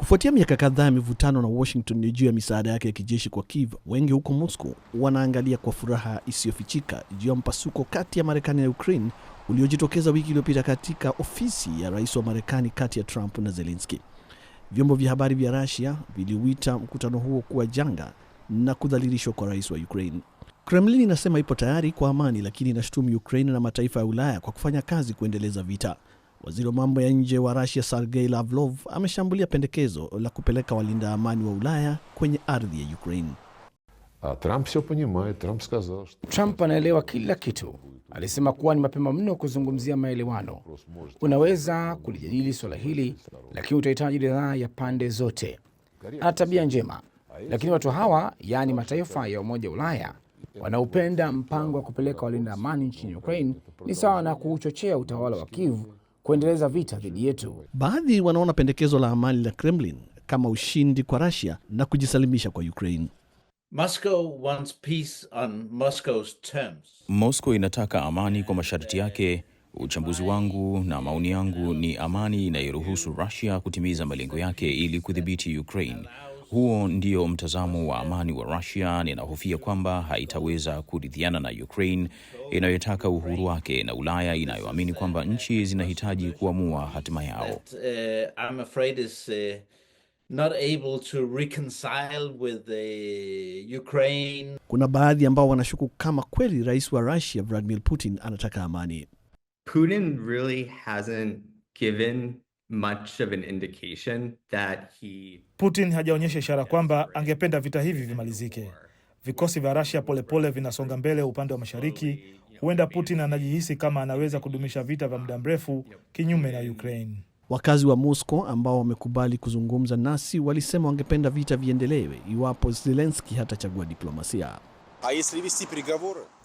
Kufuatia miaka kadhaa ya mivutano na Washington ni juu ya misaada yake ya kijeshi kwa kiv wengi huko Moscow wanaangalia kwa furaha isiyofichika juu ya mpasuko kati ya Marekani na Ukraine uliojitokeza wiki iliyopita katika ofisi ya rais wa Marekani kati ya Trump na zelenski Vyombo vya habari vya rasia viliuita mkutano huo kuwa janga na kudhalilishwa kwa rais wa Ukraine. Kremlin inasema ipo tayari kwa amani, lakini inashutumu Ukraine na mataifa ya Ulaya kwa kufanya kazi kuendeleza vita. Waziri wa mambo ya nje wa Rusia Sergei Lavrov ameshambulia pendekezo la kupeleka walinda amani wa Ulaya kwenye ardhi ya Ukraine. Trump, Trump, Trump anaelewa kila kitu. Alisema kuwa ni mapema mno kuzungumzia maelewano. Unaweza kulijadili suala hili, lakini utahitaji ridhaa ya pande zote. Ana tabia njema, lakini watu hawa, yaani mataifa ya Umoja wa Ulaya, wanaopenda mpango wa kupeleka walinda amani nchini Ukraine ni sawa na kuuchochea utawala wa Kivu kuendeleza vita dhidi yetu. Baadhi wanaona pendekezo la amani la Kremlin kama ushindi kwa Russia na kujisalimisha kwa Ukraine. Moscow inataka amani kwa masharti yake. Uchambuzi wangu na maoni yangu ni amani inayoruhusu Russia kutimiza malengo yake ili kudhibiti Ukraine huo ndio mtazamo wa amani wa Rusia. Ninahofia kwamba haitaweza kuridhiana na Ukraine inayotaka uhuru wake na Ulaya inayoamini kwamba nchi zinahitaji kuamua hatima yao. Uh, uh, Kuna baadhi ambao wanashuku kama kweli rais wa Rusia Vladimir Putin anataka amani. Putin really hasn't given much of an indication that he... Putin hajaonyesha ishara kwamba angependa vita hivi vimalizike. Vikosi vya Russia polepole vinasonga mbele upande wa mashariki. Huenda Putin anajihisi kama anaweza kudumisha vita vya muda um, mrefu kinyume na Ukraine. Wakazi wa Moscow ambao wamekubali kuzungumza nasi walisema wangependa vita viendelewe iwapo Zelensky hatachagua diplomasia.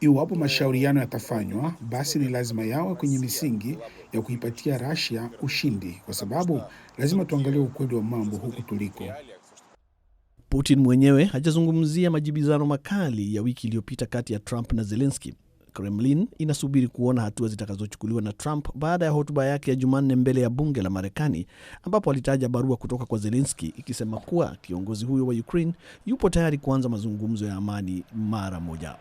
Iwapo mashauriano yatafanywa, basi ni lazima yawe kwenye misingi ya kuipatia Russia ushindi, kwa sababu lazima tuangalie ukweli wa mambo huku tuliko. Putin mwenyewe hajazungumzia majibizano makali ya wiki iliyopita kati ya Trump na Zelensky Kremlin inasubiri kuona hatua zitakazochukuliwa na Trump baada ya hotuba yake ya Jumanne mbele ya bunge la Marekani, ambapo alitaja barua kutoka kwa Zelenski ikisema kuwa kiongozi huyo wa Ukraine yupo tayari kuanza mazungumzo ya amani mara moja.